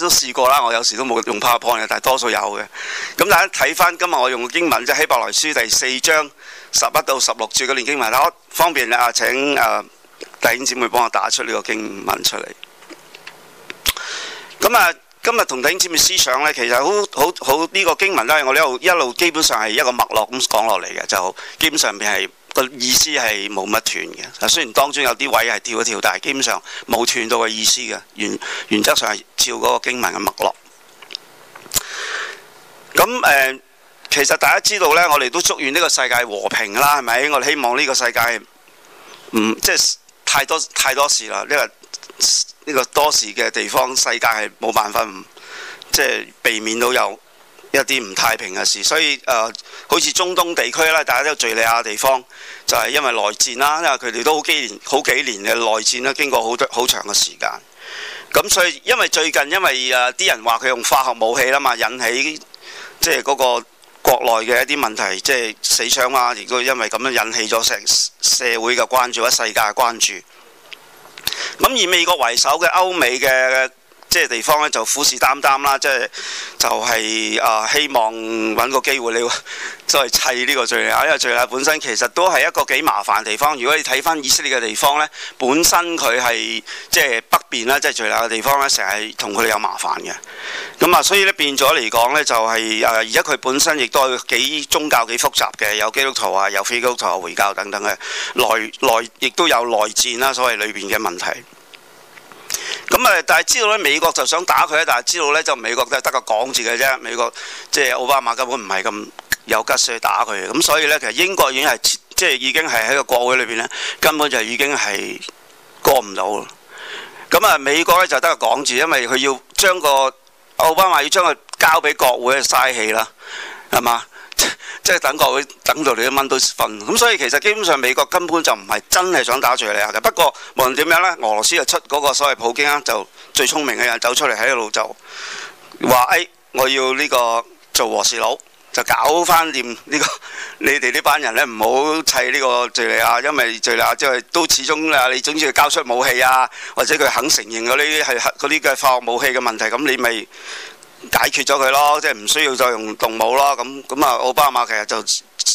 都試過啦，我有時都冇用 PowerPoint，嘅，但係多數有嘅。咁大家睇翻今日我用嘅英文即係，就是《希伯來書》第四章十一到十六節嘅經文啦。方便咧，請誒弟兄姊妹幫我打出呢個經文出嚟。咁啊，今日同弟兄姊妹思想呢，其實好好好呢個經文啦。我呢度一路基本上係一個脈絡咁講落嚟嘅，就基本上邊係。個意思係冇乜斷嘅，嗱，雖然當中有啲位係跳一跳，但係基本上冇斷到個意思嘅，原原則上係照嗰個經文嘅脈絡。咁誒、呃，其實大家知道呢，我哋都祝願呢個世界和平啦，係咪？我哋希望呢個世界唔即係太多太多事啦，呢、呢個呢、呢個多事嘅地方，世界係冇辦法即係、即係、避免到有一啲唔太平嘅事，所以誒、呃，好似中東地區啦，大家都敍利亞嘅地方，就係、是、因為內戰啦，因為佢哋都好幾年、好幾年嘅內戰啦，經過好多好長嘅時間。咁所以，因為最近因為誒啲、呃、人話佢用化學武器啦嘛，引起即係嗰個國內嘅一啲問題，即、就、係、是、死傷啦，亦都因為咁樣引起咗成社會嘅關注，或世界嘅關注。咁以美國為首嘅歐美嘅，即係地方咧就虎視眈眈啦，即係就係、是、啊、就是呃、希望揾個機會你所謂砌呢個敍利亞，因為敍利亞本身其實都係一個幾麻煩嘅地方。如果你睇翻以色列嘅地方咧，本身佢係即係北邊啦，即係敍利亞嘅地方咧，成日同佢哋有麻煩嘅。咁啊，所以咧變咗嚟講咧，就係啊而家佢本身亦都係幾宗教幾複雜嘅，有基督徒啊，有非基督徒、回教等等嘅內內，亦都有內戰啦，所謂裏邊嘅問題。咁啊！但係知道咧，美國就想打佢咧，但係知道咧，就美國得個講字嘅啫。美國即係、就是、奧巴馬根本唔係咁有骨氣去打佢，咁所以咧，其實英國已經係即係已經係喺個國會裏邊咧，根本就已經係過唔到。咁啊，美國咧就得個講字，因為佢要將個奧巴馬要將佢交俾國會嘅嘥氣啦，係嘛？ 即係等國會等到你一蚊都瞓，咁所以其實基本上美國根本就唔係真係想打敘利亞嘅。不過無論點樣呢，俄羅斯就出嗰個所謂普京啊，就最聰明嘅人走出嚟喺度就話：，誒、哎，我要呢個做和事佬，就搞翻掂呢個你哋呢班人呢，唔好砌呢個敘利亞，因為敘利亞即係都始終啊，你總之要交出武器啊，或者佢肯承認嗰啲係嗰啲嘅化學武器嘅問題，咁你咪解決咗佢咯，即係唔需要再用動武咯。咁咁啊，奧巴馬其實就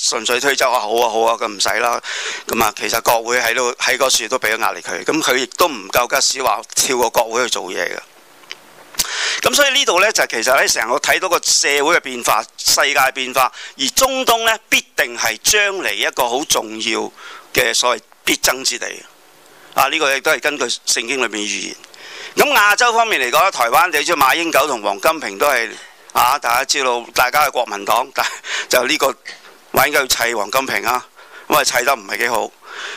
純粹推走啊，好啊好啊，佢唔使啦。咁啊，其實國會喺度喺個處都俾咗壓力佢，咁佢亦都唔夠格話跳過國會去做嘢嘅。咁所以呢度呢，就其實喺成個睇到個社會嘅變化、世界變化，而中東呢，必定係將嚟一個好重要嘅所謂必爭之地啊！呢、呢個亦都係根據聖經裏面預言。咁亞洲方面嚟講咧，台灣你知馬英九同王金平都係啊，大家知道大家係國民黨，但就呢、這個馬英九要砌王金平啊，咁啊砌得唔係幾好。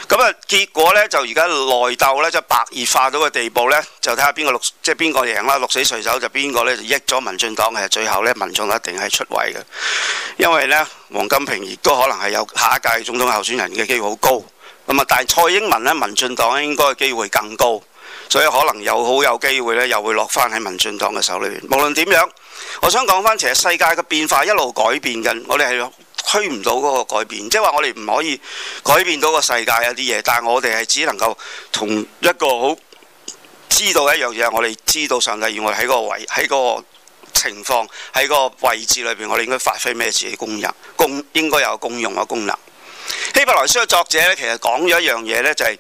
咁啊結果咧就而家內鬥咧，即係白熱化到嘅地步咧，就睇下邊個即係邊個贏啦，鹿死誰手就邊個咧就益咗民進黨嘅，其實最後咧民眾一定係出位嘅。因為咧王金平亦都可能係有下一屆總統候選人嘅機會好高，咁啊但係蔡英文咧民進黨應該機會更高。所以可能又好有機會咧，又會落翻喺民進黨嘅手裏邊。無論點樣，我想講翻，其實世界嘅變化一路改變緊，我哋係推唔到嗰個改變，即係話，我哋唔可以改變到個世界有啲嘢，但係我哋係只能夠同一個好知道一樣嘢，我哋知道上帝要我喺個位喺個情況喺個位置裏邊，我哋應該發揮咩自己的功能，共應該有共用嘅功能。希伯來書嘅作者咧，其實講咗一樣嘢咧，就係、是。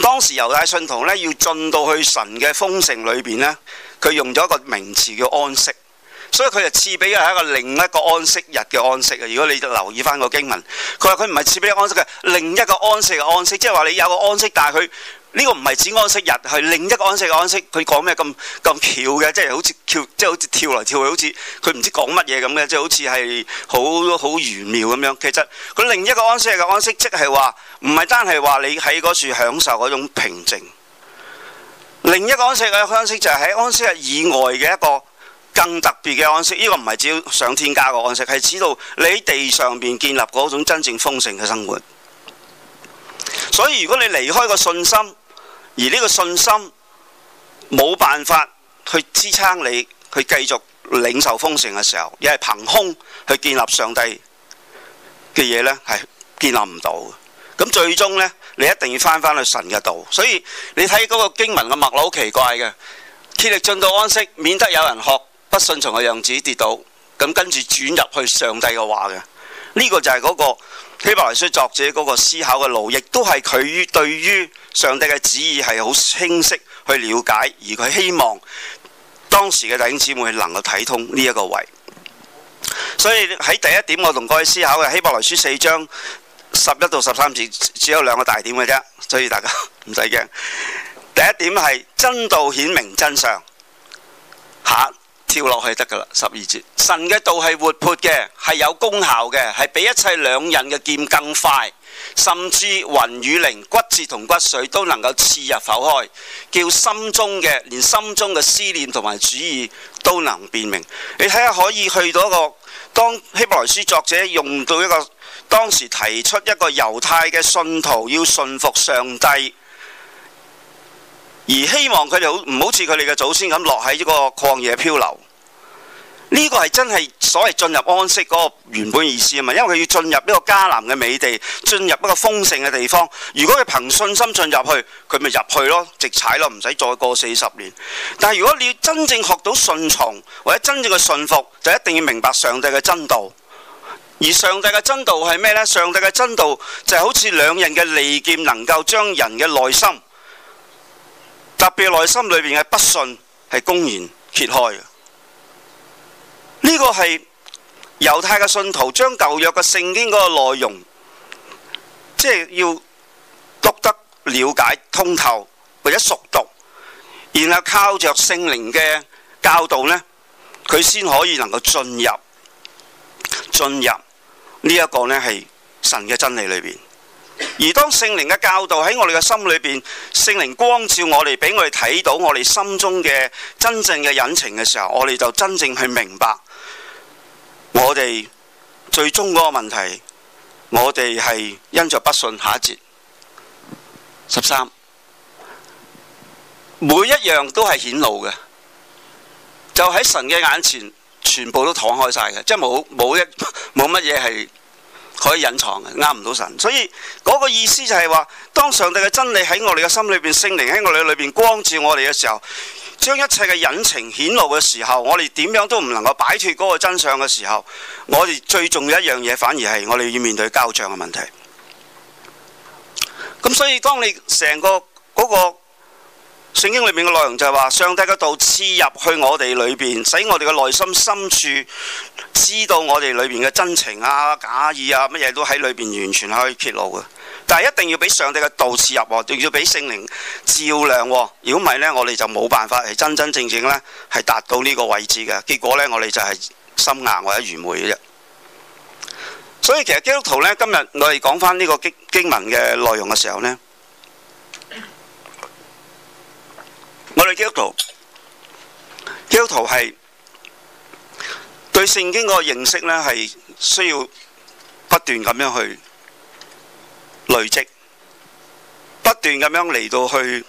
當時猶太信徒咧要進到去神嘅封城裏邊咧，佢用咗一個名詞叫安息，所以佢就賜俾佢係一個另一個安息日嘅安息啊！如果你留意返個經文，佢話佢唔係賜俾你安息嘅另一個安息嘅安息，即係話你有個安息，但係佢。呢個唔係指安息日，係另一個安息嘅安息。佢講咩咁咁巧嘅，即係好似跳，即係好似跳嚟跳去，好似佢唔知講乜嘢咁嘅，即係好似係好好玄妙咁樣。其實佢另一個安息日嘅安息，即係話唔係單係話你喺嗰處享受嗰種平靜。另一個安息嘅安息就係喺安息日以外嘅一個更特別嘅安息。呢個唔係指上天加個安息，係指到你喺地上邊建立嗰種真正豐盛嘅生活。所以如果你離開個信心，而呢個信心冇辦法去支撐你去繼續領受豐盛嘅時候，又係憑空去建立上帝嘅嘢呢，係建立唔到嘅。咁最終呢，你一定要翻返去神嘅道。所以你睇嗰個經文嘅脈絡好奇怪嘅，竭力進到安息，免得有人學不順從嘅樣子跌倒。咁跟住轉入去上帝嘅話嘅。呢個就係嗰個希伯來書作者嗰個思考嘅路，亦都係佢對於上帝嘅旨意係好清晰去了解，而佢希望當時嘅弟兄姊妹能夠睇通呢一個位。所以喺第一點，我同各位思考嘅希伯來書四章十一到十三節只有兩個大點嘅啫，所以大家唔使驚。第一點係真道顯明真相，吓跳落去得㗎喇！十二節，神嘅道係活潑嘅，係有功效嘅，係比一切兩刃嘅劍更快，甚至魂與靈、骨節同骨髓都能夠刺入剖開，叫心中嘅，連心中嘅思念同埋主意都能辨明。你睇下可以去到一個，當希伯來書作者用到一個當時提出一個猶太嘅信徒要信服上帝。而希望佢哋好唔好似佢哋嘅祖先咁落喺呢個曠野漂流。呢、這個係真係所謂進入安息嗰個原本意思啊嘛！因為佢要進入呢個迦南嘅美地，進入一個豐盛嘅地方。如果佢憑信心進入去，佢咪入去咯，直踩咯，唔使再過四十年。但係如果你要真正學到順從或者真正嘅信服，就一定要明白上帝嘅真道。而上帝嘅真道係咩咧？上帝嘅真道就係好似兩刃嘅利劍，能夠將人嘅內心。特別內心裏面的不信，係公然揭開的。呢個係猶太嘅信徒將舊約嘅聖經嗰個內容，即係要讀得了解通透，或者熟讀，然後靠着聖靈嘅教導呢，佢先可以能夠進入，進入呢一個呢，係神嘅真理裏面。而當聖靈嘅教導喺我哋嘅心裏邊，聖靈光照我哋，俾我哋睇到我哋心中嘅真正嘅隱情嘅時候，我哋就真正去明白我哋最終嗰個問題。我哋係因着不信，下一節十三，每一樣都係顯露嘅，就喺神嘅眼前，全部都敞開晒嘅，即係冇冇一冇乜嘢係。可以隱藏嘅呃唔到神，所以嗰個意思就係話，當上帝嘅真理喺我哋嘅心裏邊，聖靈喺我哋裏邊光照我哋嘅時候，將一切嘅隱情顯露嘅時候，我哋點樣都唔能夠擺脱嗰個真相嘅時候，我哋最重要一樣嘢，反而係我哋要面對交賬嘅問題。咁所以，當你成個嗰個。聖經裏面嘅內容就係話，上帝嘅道刺入去我哋裏邊，使我哋嘅內心深處知道我哋裏邊嘅真情啊、假意啊、乜嘢都喺裏邊完全可以揭露嘅。但係一定要俾上帝嘅道刺入，要俾聖靈照亮。如果唔係呢，我哋就冇辦法係真真正正呢係達到呢個位置嘅。結果呢，我哋就係心硬或者愚昧嘅啫。所以其實基督徒呢，今日我哋講翻呢個經經文嘅內容嘅時候呢。我哋基督徒，基督徒係對聖經個認識呢係需要不斷咁樣去累積，不斷咁樣嚟到去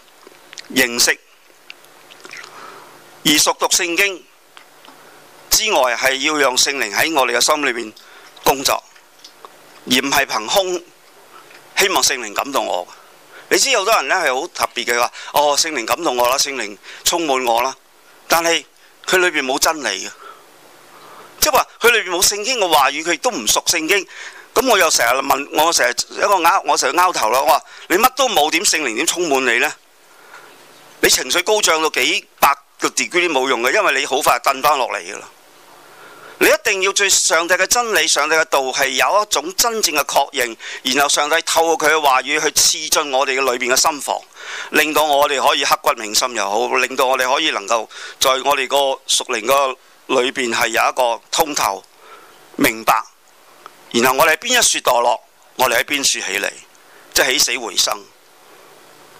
認識，而熟讀聖經之外，係要讓聖靈喺我哋嘅心裏邊工作，而唔係憑空希望聖靈感動我。你知好多人呢係好特別嘅話，哦，聖靈感動我啦，聖靈充滿我啦，但係佢裏邊冇真理嘅，即係話佢裏邊冇聖經嘅話語，佢亦都唔熟聖經。咁我又成日問我，成日一個拗，我成日拗頭啦，我話你乜都冇，點聖靈點充滿你呢？你情緒高漲到幾百個 degree 都冇用嘅，因為你好快就褪翻落嚟嘅啦。你一定要對上帝嘅真理、上帝嘅道係有一種真正嘅確認，然後上帝透過佢嘅話語去刺進我哋嘅裏邊嘅心房，令到我哋可以刻骨銘心又好，令到我哋可以能夠在我哋個屬靈個裏邊係有一個通透明白，然後我哋喺邊一樹墮落，我哋喺邊樹起嚟，即係起死回生。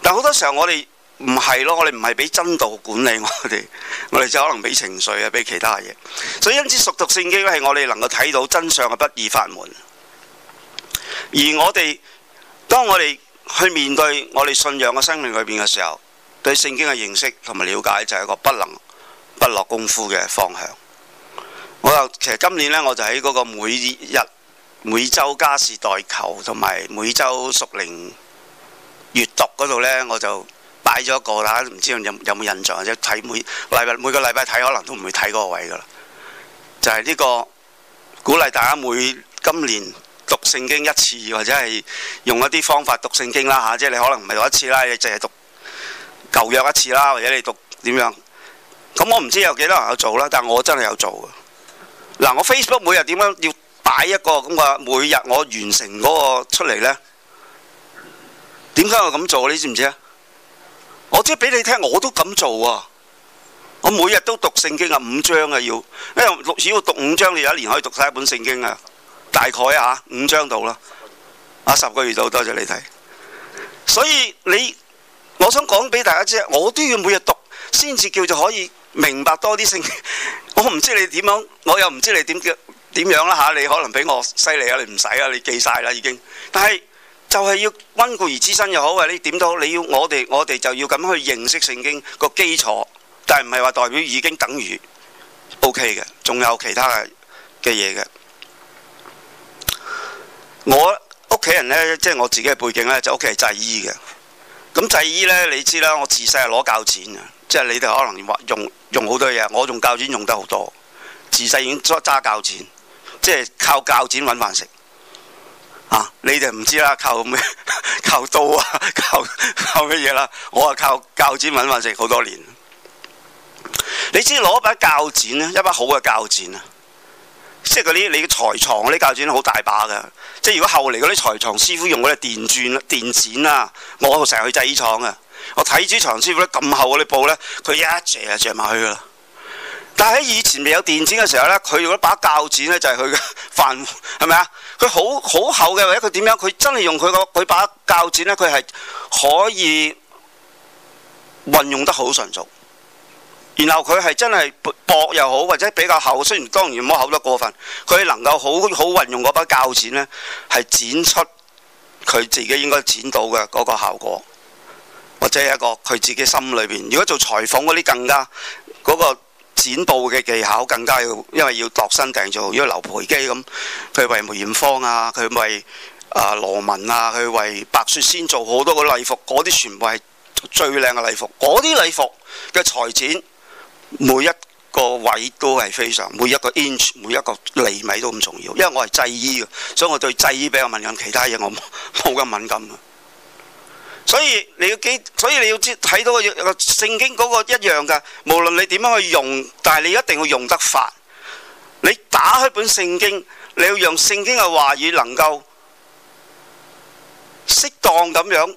但好多時候我哋。唔係咯，我哋唔係俾真道管理我哋，我哋就可能俾情緒啊，俾其他嘢。所以因此熟讀聖經係我哋能夠睇到真相嘅不二法門。而我哋當我哋去面對我哋信仰嘅生命裏邊嘅時候，對聖經嘅認識同埋了解就係一個不能不落功夫嘅方向。我就其實今年呢，我就喺嗰個每日每週家事代求同埋每週熟齡閲讀嗰度呢，我就。擺咗一個啦，唔知有有冇印象，或者睇每禮拜每個禮拜睇，可能都唔會睇嗰個位噶啦。就係呢個鼓勵大家每今年讀聖經一次，或者係用一啲方法讀聖經啦，吓，即係你可能唔係讀一次啦，你淨係讀舊約一次啦，或者你讀點樣？咁我唔知有幾多人有做啦，但係我真係有做嘅。嗱，我 Facebook 每日點樣要擺一個咁個每日我完成嗰個出嚟呢？點解我咁做？你知唔知啊？我知俾你聽，我都咁做啊！我每日都讀聖經啊，五章啊要，因為如果要讀五章，你有一年可以讀晒一本聖經啊，大概啊，五章到啦。啊，十個月到，多謝你睇。所以你，我想講俾大家知，我都要每日讀，先至叫做可以明白多啲聖經。我唔知你點樣，我又唔知你點叫點樣啦吓、啊。你可能比我犀利啊！你唔使啊，你記晒啦已經。但係。就係要溫故而知新又好，或者點都好，你要我哋我哋就要咁去認識聖經個基礎，但係唔係話代表已經等於 OK 嘅，仲有其他嘅嘅嘢嘅。我屋企人呢，即係我自己嘅背景呢，就屋企係製衣嘅。咁製衣呢，你知啦，我自細係攞鉸剪啊，即係你哋可能用用好多嘢，我用鉸剪用得好多，自細已經揸揸鉸剪，即係靠鉸剪揾飯食。啊！你哋唔知啦，靠咩？靠刀啊，靠靠乜嘢啦？我啊靠鉸剪揾飯食好多年。你知攞把鉸剪咧，一把好嘅鉸剪啊，即係嗰啲你嘅裁床嗰啲鉸剪好大把噶。即係如果後嚟嗰啲裁床師傅用嗰啲電鑽、電剪啊，我成日去製衣廠啊，我睇住裁床師傅咧咁厚嗰啲布咧，佢一斜就着埋去噶啦。但係喺以前未有電剪嘅時候咧，佢用一把鉸剪咧就係佢嘅飯，係咪啊？佢好好厚嘅，或者佢點樣，佢真係用佢個佢把鉸剪咧，佢係可以運用得好純熟，然後佢係真係薄又好，或者比較厚，雖然當然唔好厚得過分。佢能夠好好運用嗰把鉸剪咧，係剪出佢自己應該剪到嘅嗰個效果，或者一個佢自己心裏邊，如果做裁縫嗰啲更加嗰個。剪布嘅技巧更加要，因為要度身訂做，因為劉培基咁，佢為梅艷芳啊，佢為啊羅文啊，佢為白雪仙做好多個禮服，嗰啲全部係最靚嘅禮服，嗰啲禮服嘅裁剪，每一個位都係非常，每一個 inch，每一個厘米都咁重要，因為我係製衣嘅，所以我對製衣比較敏感，其他嘢我冇咁敏感。所以你要記，所以你要知睇到個聖經個一樣噶，無論你點樣去用，但係你一定要用得法。你打開本聖經，你要讓聖經嘅話語能夠適當咁樣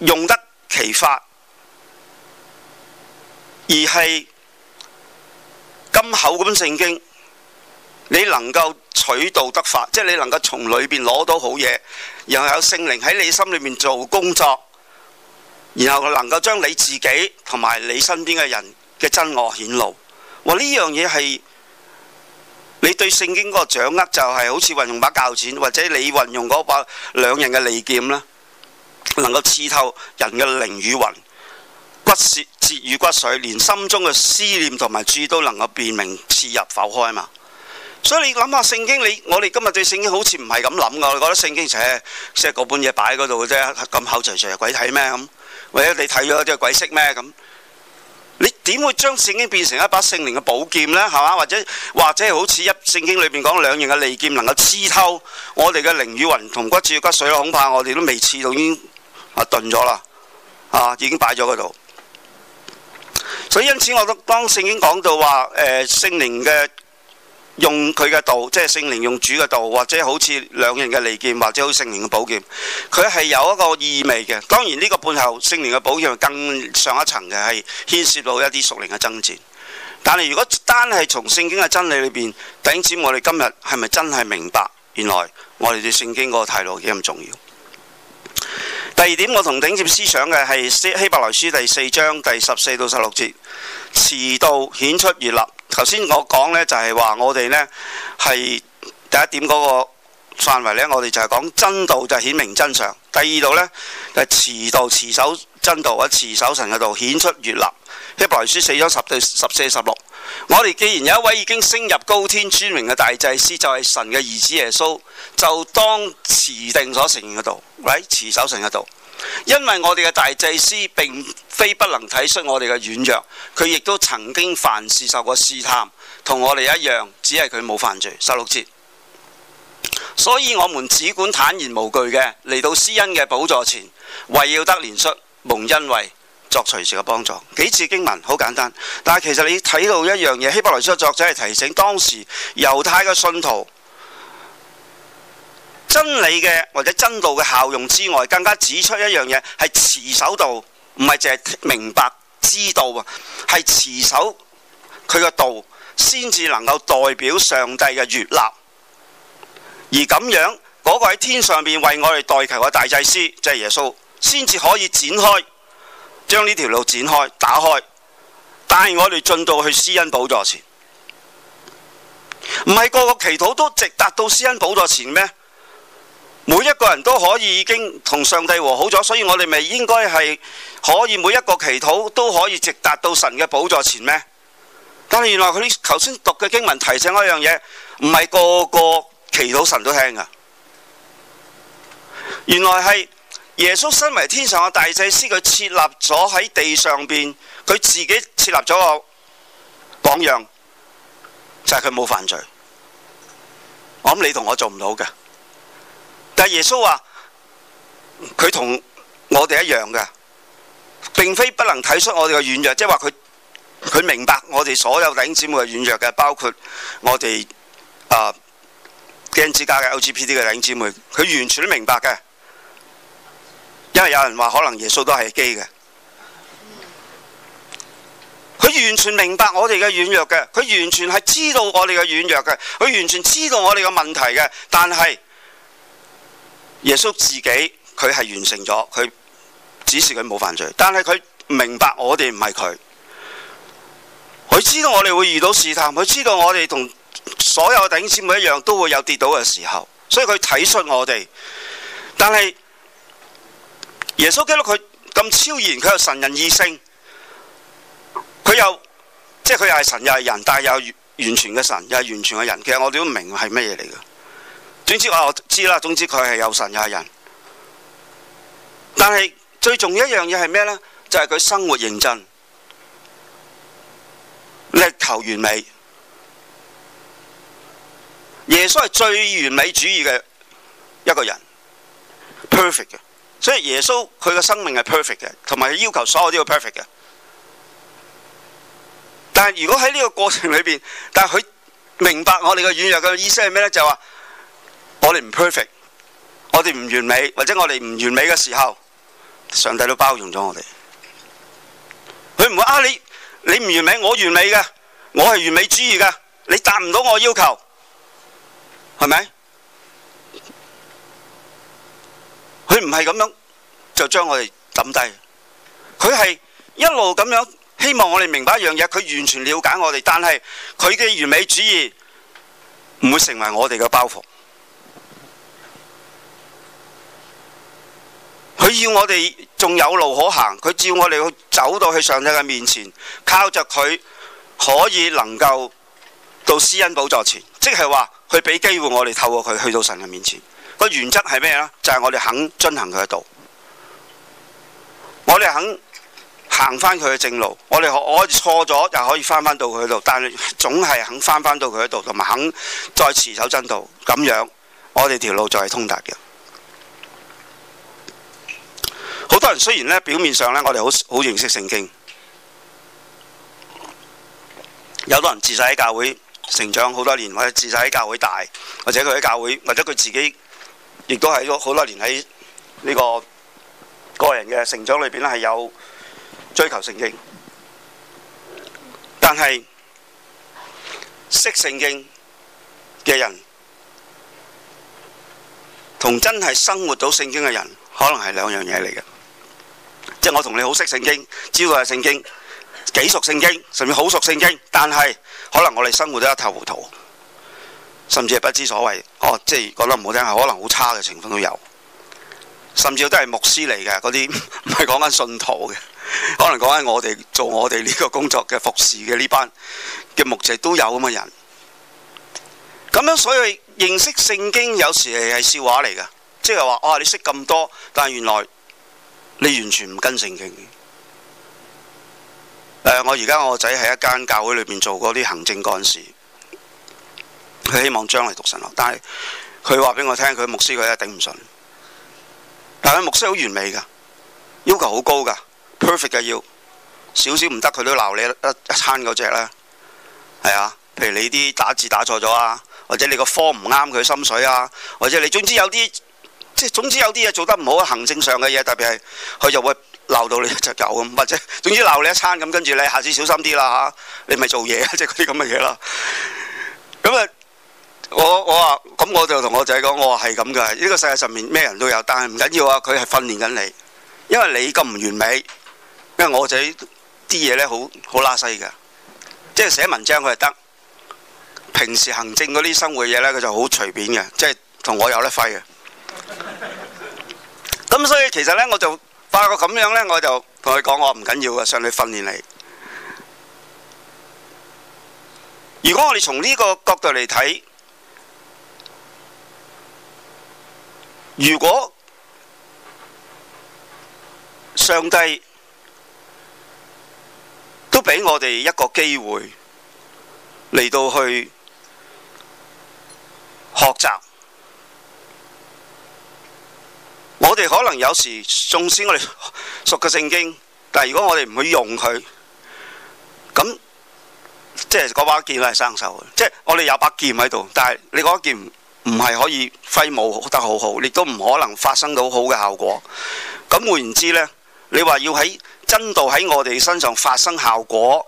用得其法，而係金口咁聖經，你能夠。取道得法，即係你能夠從裏邊攞到好嘢，然後有聖靈喺你心裏面做工作，然後能夠將你自己同埋你身邊嘅人嘅真我顯露。哇！呢樣嘢，係你對聖經嗰個掌握就係、是、好似運用把鉸剪，或者你運用嗰把兩刃嘅利劍啦，能夠刺透人嘅靈與魂、骨節與骨髓，連心中嘅思念同埋注都能夠辨明、刺入剖開嘛。所以你諗下聖經，你我哋今日對聖經好似唔係咁諗噶，我覺得聖經只即係嗰本嘢擺喺嗰度嘅啫，咁口嚼嚼鬼睇咩咁？或者你睇咗即係鬼識咩咁？你點會將聖經變成一把聖靈嘅寶劍呢？係嘛？或者或者好似一聖經裏邊講兩樣嘅利劍，能夠刺透我哋嘅靈與魂同骨住骨髓，恐怕我哋都未刺到已經、啊了啊，已經啊鈍咗啦，啊已經擺咗喺度。所以因此我當當聖經講到話誒、呃、聖靈嘅。用佢嘅道，即係聖靈用主嘅道，或者好似兩刃嘅利劍，或者好似聖靈嘅寶劍，佢係有一個意味嘅。當然呢個背後，聖靈嘅寶劍更上一層嘅係牽涉到一啲屬靈嘅爭戰。但係如果單係從聖經嘅真理裏邊，頂止我哋今日係咪真係明白？原來我哋對聖經嗰個態度幾咁重要？第二點，我同頂接思想嘅係希伯來書第四章第十四到十六節，遲到顯出越立。頭先我講呢就係話我哋呢係第一點嗰個範圍咧，我哋就係講真道就顯明真相。第二道咧係、就係、遲到遲守真道喺遲守神嗰度顯出越立。希伯來書四章十,十四十六。我哋既然有一位已經升入高天尊榮嘅大祭司，就係、是、神嘅兒子耶穌，就當持定所承認嘅道，持守神嘅道。因為我哋嘅大祭司並非不能體恤我哋嘅軟弱，佢亦都曾經凡事受過試探，同我哋一樣，只係佢冇犯罪。十六節，所以我們只管坦然無懼嘅嚟到施恩嘅寶座前，為要得憐恤，蒙恩惠。作隨時嘅幫助。幾次經文好簡單，但係其實你睇到一樣嘢，希伯來書嘅作者係提醒當時猶太嘅信徒真理嘅或者真道嘅效用之外，更加指出一樣嘢係持守道，唔係淨係明白知道啊，係持守佢個道先至能夠代表上帝嘅越立。而咁樣嗰個喺天上邊為我哋代求嘅大祭司，即係耶穌，先至可以展開。將呢條路展開、打開，帶我哋進到去施恩寶座前。唔係個個祈禱都直達到施恩寶座前咩？每一個人都可以已經同上帝和好咗，所以我哋咪應該係可以每一個祈禱都可以直達到神嘅寶座前咩？但係原來佢頭先讀嘅經文提醒我一樣嘢，唔係個個祈禱神都聽㗎，原來係。耶穌身為天上嘅大祭司，佢設立咗喺地上邊，佢自己設立咗個榜樣，就係佢冇犯罪。我諗你同我做唔到的，但耶穌話佢同我哋一樣的，並非不能睇出我哋嘅軟弱，即係話佢佢明白我哋所有弟兄姊妹嘅軟弱嘅，包括我哋啊基恩之家嘅 LGBT 嘅弟兄姊妹，佢完全明白的。因為有人話可能耶穌都係機嘅，佢完全明白我哋嘅軟弱嘅，佢完全係知道我哋嘅軟弱嘅，佢完全知道我哋嘅問題嘅，但係耶穌自己佢係完成咗，佢指示佢冇犯罪，但係佢明白我哋唔係佢，佢知道我哋會遇到試探，佢知道我哋同所有弟兄姊妹一樣都會有跌倒嘅時候，所以佢體恤我哋，但係。耶穌基督佢咁超然，佢又神人二性，佢、就是、又即係佢又係神又係人，但係又完全嘅神又係完全嘅人。其實我哋都唔明係乜嘢嚟嘅。總之我我知啦，總之佢係有神又係人。但係最重要一樣嘢係咩咧？就係、是、佢生活認真，力求完美。耶穌係最完美主義嘅一個人，perfect 嘅。所以耶穌佢嘅生命係 perfect 嘅，同埋佢要求所有都 perfect 嘅。但係如果喺呢個過程裏面，但係佢明白我哋嘅軟弱嘅意思係咩呢？就話、是、我哋唔 perfect，我哋唔完美，或者我哋唔完美嘅時候，上帝都包容咗我哋。佢唔會啊！你你唔完美，我完美嘅，我係完美主義嘅，你達唔到我嘅要求，係咪？佢唔係咁樣就將我哋抌低，佢係一路咁樣希望我哋明白一樣嘢，佢完全了解我哋，但係佢嘅完美主義唔會成為我哋嘅包袱。佢要我哋仲有路可行，佢照我哋去走到去上帝嘅面前，靠着佢可以能夠到施恩寶座前，即係話佢俾機會我哋透過佢去到神嘅面前。個原則係咩呢？就係、是、我哋肯遵行佢嘅道，我哋肯行翻佢嘅正路。我哋我錯咗又可以翻翻到佢度，但係總係肯翻翻到佢嗰度，同埋肯再持守真道。咁樣我哋條路就係通達嘅。好多人雖然呢表面上呢，我哋好好認識聖經，有好多人自細喺教會成長好多年，或者自細喺教會大，或者佢喺教會，或者佢自己。亦都喺咗好多年喺呢個個人嘅成長裏邊咧，係有追求聖經，但係識聖經嘅人同真係生活到聖經嘅人，可能係兩樣嘢嚟嘅。即係我同你好識聖經，知道係聖經，幾熟聖經，甚至好熟聖經，但係可能我哋生活得一塌糊塗。甚至係不知所謂，哦，即係講得唔好聽，係可能好差嘅情況都有。甚至都係牧師嚟嘅嗰啲，唔係講緊信徒嘅，可能講緊我哋做我哋呢個工作嘅服侍嘅呢班嘅牧者都有咁嘅人。咁樣所以認識聖經有時係笑話嚟嘅，即係話啊你識咁多，但係原來你完全唔跟聖經嘅。呃，我而家我仔喺一間教會裏面做嗰啲行政幹事。佢希望將嚟讀神學，但係佢話俾我聽，佢牧師佢一頂唔順。但係牧師好完美㗎，要求好高㗎，perfect 嘅要少少唔得，佢都鬧你一餐嗰隻啦。係啊，譬如你啲打字打錯咗啊，或者你個科唔啱佢心水啊，或者你總之有啲即係總之有啲嘢做得唔好，行政上嘅嘢，特別係佢就會鬧到你一隻狗咁，或者總之鬧你一餐咁，跟住你下次小心啲啦嚇，你咪做嘢即係嗰啲咁嘅嘢啦。咁啊～我我話咁，我就同我仔講：我話係咁嘅，呢個世界上面咩人都有，但係唔緊要啊！佢係訓練緊你，因為你咁唔完美，因為我仔啲嘢咧好好拉西嘅，即係寫文章佢係得，平時行政嗰啲生活嘢咧，佢就好隨便嘅，即係同我有得揮嘅。咁所以其實咧，我就發覺咁樣咧，我就同佢講：我唔緊要嘅，上嚟訓練你。如果我哋從呢個角度嚟睇，如果上帝都俾我哋一個機會嚟到去學習，我哋可能有時，縱使我哋熟嘅聖經，但係如果我哋唔去用佢，咁即係嗰把，把劍都係生鏽嘅。即係我哋有把劍喺度，但係你嗰劍。唔係可以揮舞得好好，亦都唔可能發生到好嘅效果。咁換言之呢，你話要喺真道喺我哋身上發生效果，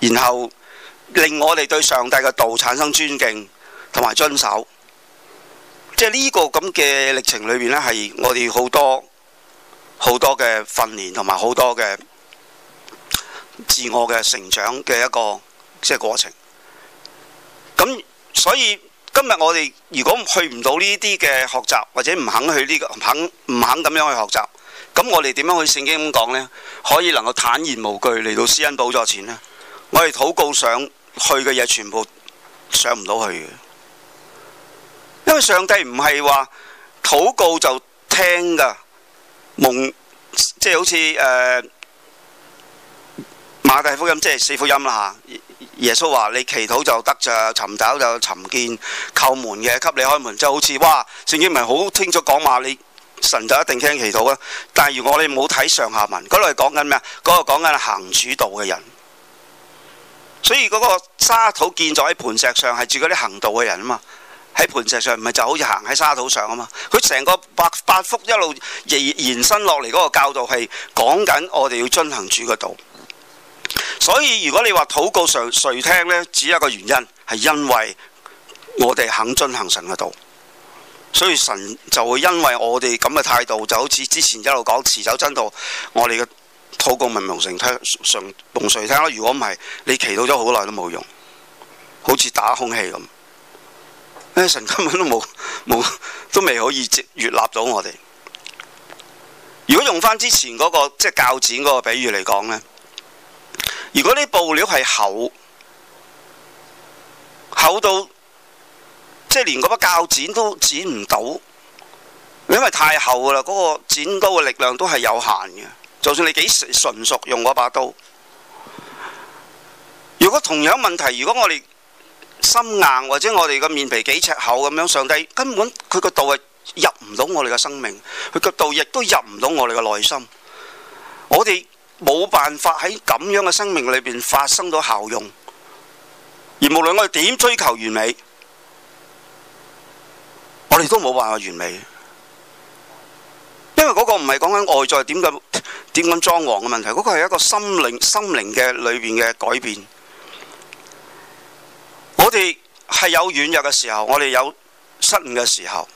然後令我哋對上帝嘅道產生尊敬同埋遵守，即係呢個咁嘅歷程裏面呢，呢係我哋好多好多嘅訓練，同埋好多嘅自我嘅成長嘅一個即係、就是、過程。咁所以。今日我哋如果去唔到呢啲嘅學習，或者唔肯去呢、呢個肯唔肯咁樣去學習，咁我哋點樣去聖經咁講呢？可以能夠坦然無懼嚟到施恩寶座前呢？我哋禱告上去嘅嘢，全部上唔到去嘅，因為上帝唔係話禱告就聽噶，夢即係好似誒、呃、馬太福音即係、就是、四福音啦吓。啊耶穌話：你祈禱就得着尋找就尋見，叩門嘅給你開門，即係好似哇！聖經唔係好清楚講話，你神就一定聽祈禱啊。但係如果我哋冇睇上下文，嗰度係講緊咩啊？嗰度講緊行主道嘅人。所以嗰個沙土建造在喺磐石上，係住嗰啲行道嘅人啊嘛。喺磐石上唔係就好似行喺沙土上啊嘛。佢成個八八福一路延伸落嚟嗰個教導係講緊我哋要遵行主嘅道。所以如果你話禱告上誰聽呢，只有一個原因係因為我哋肯遵行神嘅道，所以神就會因為我哋咁嘅態度，就好似之前一路講持守真道，我哋嘅禱告文明成聽神同誰聽啦。如果唔係，你祈禱咗好耐都冇用，好似打空氣咁、哎。神根本都冇冇都未可以接納到我哋。如果用返之前嗰、那個即係較剪嗰個比喻嚟講呢。如果啲布料係厚，厚到即係、就是、連嗰把鉸剪都剪唔到，因為太厚啦。嗰、那個剪刀嘅力量都係有限嘅。就算你幾純熟用嗰把刀，如果同樣問題，如果我哋心硬或者我哋個面皮幾尺厚咁樣，上帝根本佢個道係入唔到我哋嘅生命，佢個道亦都入唔到我哋嘅內心。我哋。冇辦法喺咁樣嘅生命裏邊發生到效用，而無論我哋點追求完美，我哋都冇辦法完美，因為嗰個唔係講緊外在點咁點樣裝潢嘅問題，嗰、那個係一個心靈心靈嘅裏邊嘅改變。我哋係有軟弱嘅時候，我哋有失誤嘅時候，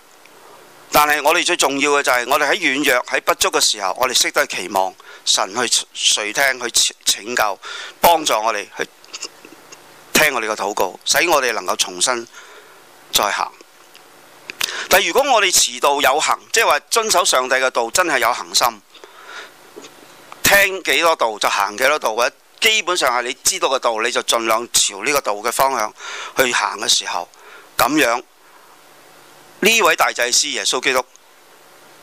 但係我哋最重要嘅就係、是、我哋喺軟弱、喺不足嘅時候，我哋識得期望。神去垂聽，去拯救，幫助我哋，去聽我哋嘅禱告，使我哋能夠重新再行。但如果我哋持道有恒，即係話遵守上帝嘅道，真係有恒心，聽幾多道就行幾多道，或者基本上係你知道嘅道，你就盡量朝呢個道嘅方向去行嘅時候，咁樣呢位大祭司耶穌基督，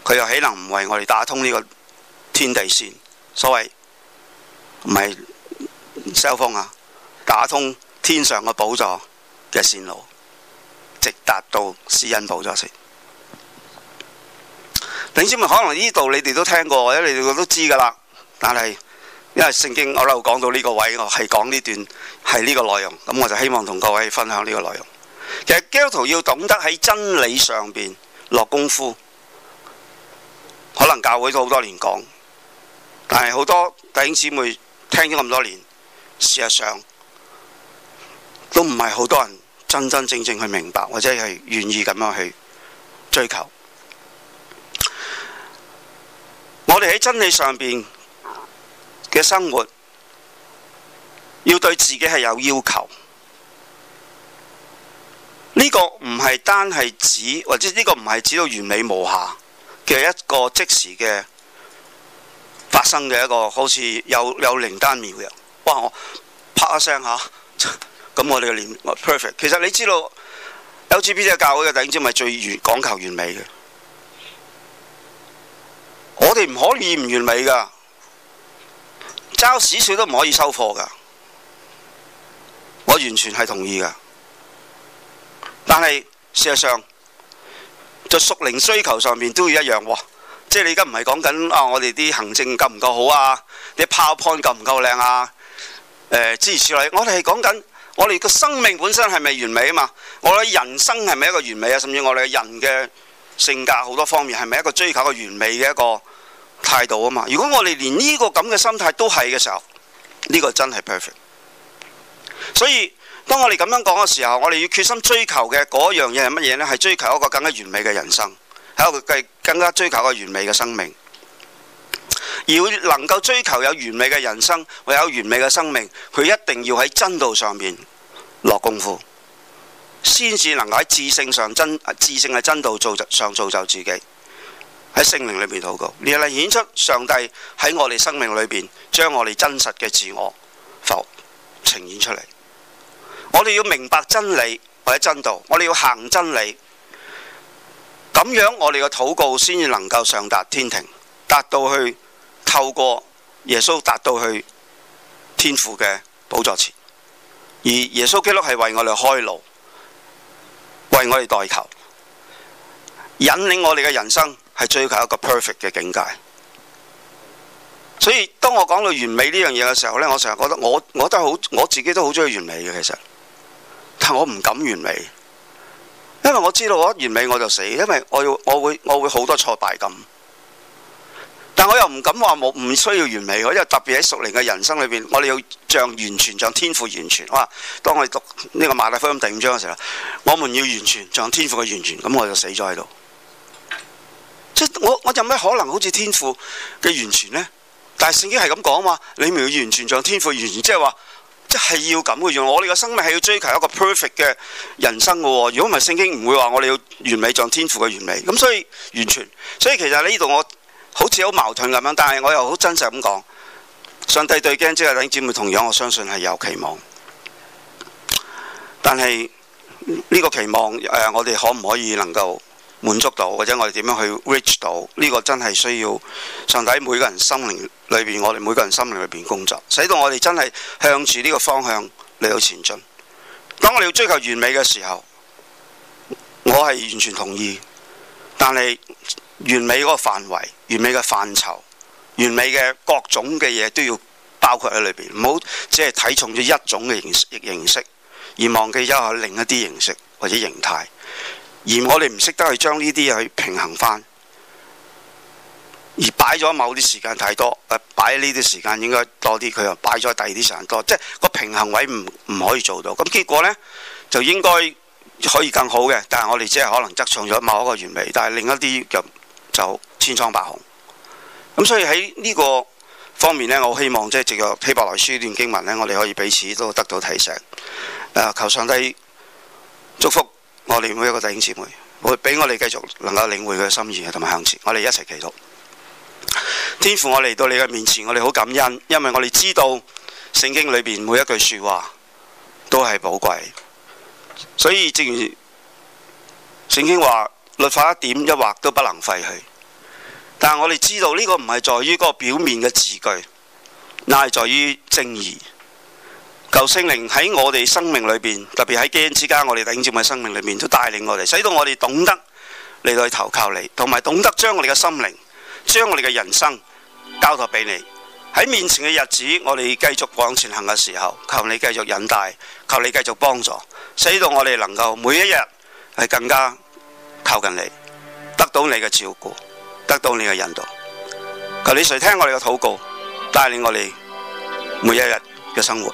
佢又豈能唔為我哋打通呢個天地線？所謂唔係收風啊，打通天上嘅寶座嘅線路，直達到施恩寶座先。弟兄們，可能呢度你哋都聽過，或者你哋都知噶啦。但係因為聖經我喺度講到呢個位，我係講呢段係呢個內容，咁我就希望同各位分享呢個內容。其實基督徒要懂得喺真理上邊落功夫，可能教會都好多年講。但係好多弟兄姊妹聽咗咁多年，事實上都唔係好多人真真正正去明白，或者係願意咁樣去追求。我哋喺真理上邊嘅生活，要對自己係有要求。呢個唔係單係指，或者呢個唔係指到完美無瑕嘅一個即時嘅。發生嘅一個好似有有靈丹妙藥，哇！我啪一聲一下，咁 我哋嘅連 perfect。其實你知道 LGBT 嘅教會嘅頂尖咪最完講求完美嘅，我哋唔可以唔完美噶，爭少少都唔可以收貨噶，我完全係同意噶，但係事實上在屬靈需求上面都要一樣喎。哇即係你而家唔係講緊啊，我哋啲行政夠唔夠好啊？啲 powerpoint 夠唔夠靚啊？誒、呃，之如此類，我哋係講緊，我哋個生命本身係咪完美啊？嘛，我哋人生係咪一個完美啊？甚至我哋人嘅性格好多方面係咪一個追求個完美嘅一個態度啊？嘛，如果我哋連呢個咁嘅心態都係嘅時候，呢、這個真係 perfect。所以當我哋咁樣講嘅時候，我哋要決心追求嘅嗰樣嘢係乜嘢呢？係追求一個更加完美嘅人生。喺更加追求個完美嘅生命，要能夠追求有完美嘅人生，會有完美嘅生命。佢一定要喺真道上面落功夫，先至能夠喺至聖上真至聖嘅真道造上造就自己，喺聖靈裏邊禱告，而係演出上帝喺我哋生命裏邊將我哋真實嘅自我浮呈現出嚟。我哋要明白真理或者真道，我哋要行真理。咁樣我哋嘅禱告先至能夠上達天庭，達到去透過耶穌，達到去天父嘅寶座前，而耶穌基督係為我哋開路，為我哋代求，引領我哋嘅人生係追求一個 perfect 嘅境界。所以當我講到完美呢樣嘢嘅時候咧，我成日覺得我我都好，我自己都好中意完美嘅其實，但我唔敢完美。因為我知道我完美我就死，因為我要我會我會好多挫敗感，但我又唔敢話冇唔需要完美，因為特別喺熟齡嘅人生裏邊，我哋要像完全像天父完全哇！當我哋讀呢、這個馬太福音第五章嘅時候，我們要完全像天父嘅完全，咁我就死咗喺度。即係我我有咩可能好似天父嘅完全呢？但係聖經係咁講啊嘛，你唔要完全像天父完全，即係話。即係要咁嘅樣，我哋嘅生命係要追求一個 perfect 嘅人生嘅。如果唔係聖經唔會話我哋要完美像天父嘅完美。咁所以完全，所以其實呢度我好似好矛盾咁樣，但係我又好真實咁講，上帝對基恩之家嘅弟兄姊妹同樣我相信係有期望，但係呢個期望誒、呃，我哋可唔可以能夠？滿足到，或者我哋點樣去 reach 到呢、呢個真係需要，上帝每個人心靈裏面。我哋每個人心靈裏面工作，使到我哋真係向住呢個方向嚟到前進。當我哋要追求完美嘅時候，我係完全同意，但係完美嗰個範圍、完美嘅範疇、完美嘅各種嘅嘢都要包括喺裏面。唔好只係睇重咗一種嘅形形式，而忘記咗另一啲形式或者形態。而我哋唔識得去將呢啲嘢，去平衡翻，而擺咗某啲時間太多，擺擺呢啲時間應該多啲，佢又擺咗第二啲時間多，即係個平衡位唔唔可以做到。咁結果呢，就應該可以更好嘅，但係我哋只係可能側重咗某一個完美，但係另一啲咁就千瘡百孔。咁所以喺呢個方面呢，我好希望即係藉着希伯來書段經文呢，我哋可以彼此都得到提醒。呃，求上帝祝福。我哋每一個弟兄姊妹，會畀我哋繼續能夠領會佢嘅心意，同埋向前。我哋一齊祈禱，天父，我嚟到你嘅面前，我哋好感恩，因為我哋知道聖經裏邊每一句說話都係寶貴。所以正如聖經話，律法一點一畫都不能廢去。但係我哋知道呢個唔係在於嗰個表面嘅字句，乃係在於正義。求聖靈喺我哋生命裏邊，特別喺基恩之家，我哋頂住咪生命裏邊都帶領我哋，使到我哋懂得嚟去投靠你，同埋懂得將我哋嘅心靈、將我哋嘅人生交託俾你。喺面前嘅日子，我哋繼續往前行嘅時候，求你繼續引帶，求你繼續幫助，使到我哋能夠每一日係更加靠近你，得到你嘅照顧，得到你嘅引導。求你垂聽我哋嘅禱告，帶領我哋每一日嘅生活。